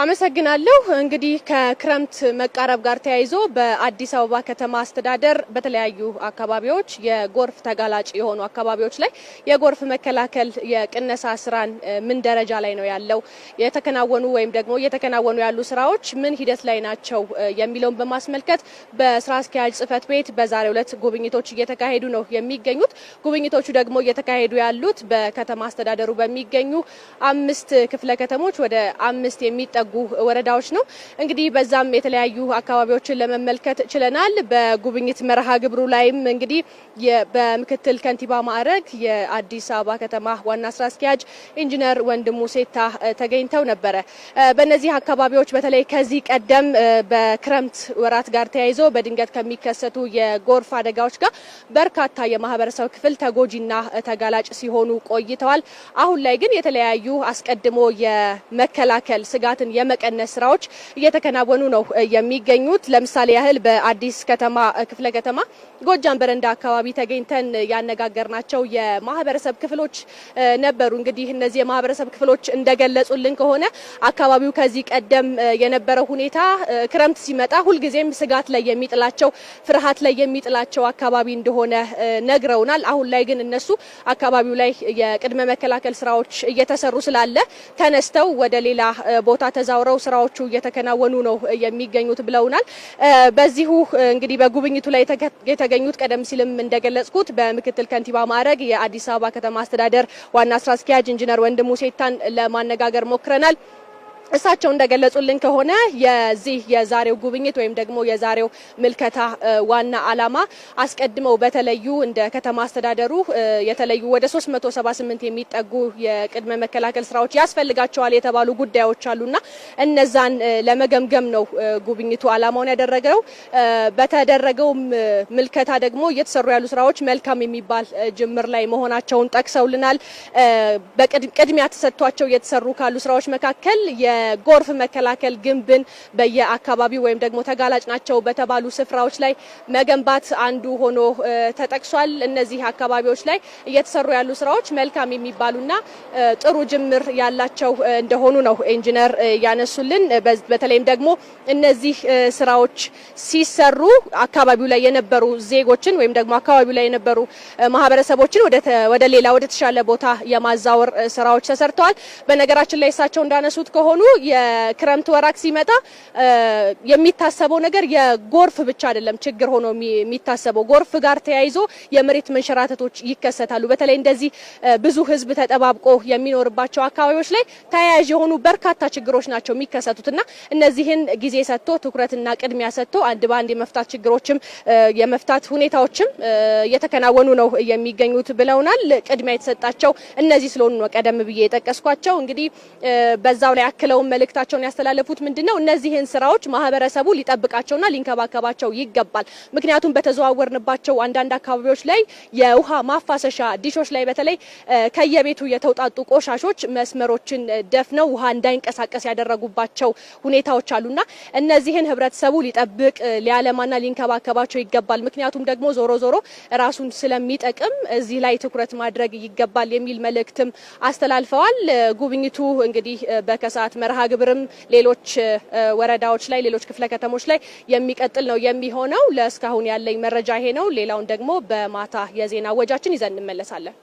አመሰግናለሁ። እንግዲህ ከክረምት መቃረብ ጋር ተያይዞ በአዲስ አበባ ከተማ አስተዳደር በተለያዩ አካባቢዎች የጎርፍ ተጋላጭ የሆኑ አካባቢዎች ላይ የጎርፍ መከላከል የቅነሳ ስራን ምን ደረጃ ላይ ነው ያለው፣ የተከናወኑ ወይም ደግሞ እየተከናወኑ ያሉ ስራዎች ምን ሂደት ላይ ናቸው የሚለውን በማስመልከት በስራ አስኪያጅ ጽህፈት ቤት በዛሬው ዕለት ጉብኝቶች እየተካሄዱ ነው የሚገኙት። ጉብኝቶቹ ደግሞ እየተካሄዱ ያሉት በከተማ አስተዳደሩ በሚገኙ አምስት ክፍለ ከተሞች ወደ አምስት የሚጠ የተጠጉ ወረዳዎች ነው። እንግዲህ በዛም የተለያዩ አካባቢዎችን ለመመልከት ችለናል። በጉብኝት መርሃ ግብሩ ላይም እንግዲህ በምክትል ከንቲባ ማዕረግ የአዲስ አበባ ከተማ ዋና ስራ አስኪያጅ ኢንጂነር ወንድሙ ሴታ ተገኝተው ነበረ። በእነዚህ አካባቢዎች በተለይ ከዚህ ቀደም በክረምት ወራት ጋር ተያይዞ በድንገት ከሚከሰቱ የጎርፍ አደጋዎች ጋር በርካታ የማህበረሰብ ክፍል ተጎጂና ተጋላጭ ሲሆኑ ቆይተዋል። አሁን ላይ ግን የተለያዩ አስቀድሞ የመከላከል ስጋትን የመቀነስ ስራዎች እየተከናወኑ ነው የሚገኙት። ለምሳሌ ያህል በአዲስ ከተማ ክፍለ ከተማ ጎጃም በረንዳ አካባቢ ተገኝተን ያነጋገርናቸው የማህበረሰብ ክፍሎች ነበሩ። እንግዲህ እነዚህ የማህበረሰብ ክፍሎች እንደገለጹልን ከሆነ አካባቢው ከዚህ ቀደም የነበረው ሁኔታ ክረምት ሲመጣ ሁልጊዜም ስጋት ላይ የሚጥላቸው ፍርሃት ላይ የሚጥላቸው አካባቢ እንደሆነ ነግረውናል። አሁን ላይ ግን እነሱ አካባቢው ላይ የቅድመ መከላከል ስራዎች እየተሰሩ ስላለ ተነስተው ወደ ሌላ ቦታ ተዛውረው ስራዎቹ እየተከናወኑ ነው የሚገኙት ብለውናል። በዚሁ እንግዲህ በጉብኝቱ ላይ የተገኙት ቀደም ሲልም እንደገለጽኩት በምክትል ከንቲባ ማዕረግ የአዲስ አበባ ከተማ አስተዳደር ዋና ስራ አስኪያጅ ኢንጂነር ወንድሙ ሴታን ለማነጋገር ሞክረናል። እሳቸው እንደገለጹልን ከሆነ የዚህ የዛሬው ጉብኝት ወይም ደግሞ የዛሬው ምልከታ ዋና ዓላማ አስቀድመው በተለዩ እንደ ከተማ አስተዳደሩ የተለዩ ወደ 378 የሚጠጉ የቅድመ መከላከል ስራዎች ያስፈልጋቸዋል የተባሉ ጉዳዮች አሉና እነዛን ለመገምገም ነው ጉብኝቱ ዓላማውን ያደረገው። በተደረገው ምልከታ ደግሞ እየተሰሩ ያሉ ስራዎች መልካም የሚባል ጅምር ላይ መሆናቸውን ጠቅሰውልናል። በቅድሚያ ተሰጥቷቸው እየተሰሩ ካሉ ስራዎች መካከል የጎርፍ መከላከል ግንብን በየአካባቢው ወይም ደግሞ ተጋላጭ ናቸው በተባሉ ስፍራዎች ላይ መገንባት አንዱ ሆኖ ተጠቅሷል። እነዚህ አካባቢዎች ላይ እየተሰሩ ያሉ ስራዎች መልካም የሚባሉና ጥሩ ጅምር ያላቸው እንደሆኑ ነው ኢንጂነር ያነሱልን። በተለይም ደግሞ እነዚህ ስራዎች ሲሰሩ አካባቢው ላይ የነበሩ ዜጎችን ወይም ደግሞ አካባቢው ላይ የነበሩ ማህበረሰቦችን ወደ ሌላ ወደ ተሻለ ቦታ የማዛወር ስራዎች ተሰርተዋል። በነገራችን ላይ እሳቸው እንዳነሱት ከሆኑ የክረምት ወራክ ሲመጣ የሚታሰበው ነገር የጎርፍ ብቻ አይደለም ችግር ሆኖ የሚታሰበው። ጎርፍ ጋር ተያይዞ የመሬት መንሸራተቶች ይከሰታሉ። በተለይ እንደዚህ ብዙ ህዝብ ተጠባብቆ የሚኖርባቸው አካባቢዎች ላይ ተያያዥ የሆኑ በርካታ ችግሮች ናቸው የሚከሰቱትና እነዚህን ጊዜ ሰጥቶ ትኩረትና ቅድሚያ ሰጥቶ አንድ በአንድ የመፍታት ችግሮችም የመፍታት ሁኔታዎችም እየተከናወኑ ነው የሚገኙት ብለውናል። ቅድሚያ የተሰጣቸው እነዚህ ስለሆኑ ነው ቀደም ብዬ የጠቀስኳቸው። እንግዲህ በዛው ላይ አክለው እንደውም መልእክታቸውን ያስተላለፉት ምንድነው እነዚህን ስራዎች ማህበረሰቡ ሊጠብቃቸውና ሊንከባከባቸው ይገባል። ምክንያቱም በተዘዋወርንባቸው አንዳንድ አካባቢዎች ላይ የውሃ ማፋሰሻ ዲሾች ላይ በተለይ ከየቤቱ የተውጣጡ ቆሻሾች መስመሮችን ደፍነው ውሃ እንዳይንቀሳቀስ ያደረጉባቸው ሁኔታዎች አሉና እነዚህን ህብረተሰቡ ሊጠብቅ ሊያለማና ሊንከባከባቸው ይገባል። ምክንያቱም ደግሞ ዞሮ ዞሮ ራሱን ስለሚጠቅም እዚህ ላይ ትኩረት ማድረግ ይገባል የሚል መልእክትም አስተላልፈዋል። ጉብኝቱ እንግዲህ በከሰዓት መርሃ ግብርም ሌሎች ወረዳዎች ላይ ሌሎች ክፍለ ከተሞች ላይ የሚቀጥል ነው የሚሆነው። ለእስካሁን ያለኝ መረጃ ይሄ ነው። ሌላውን ደግሞ በማታ የዜና ወጃችን ይዘን እንመለሳለን።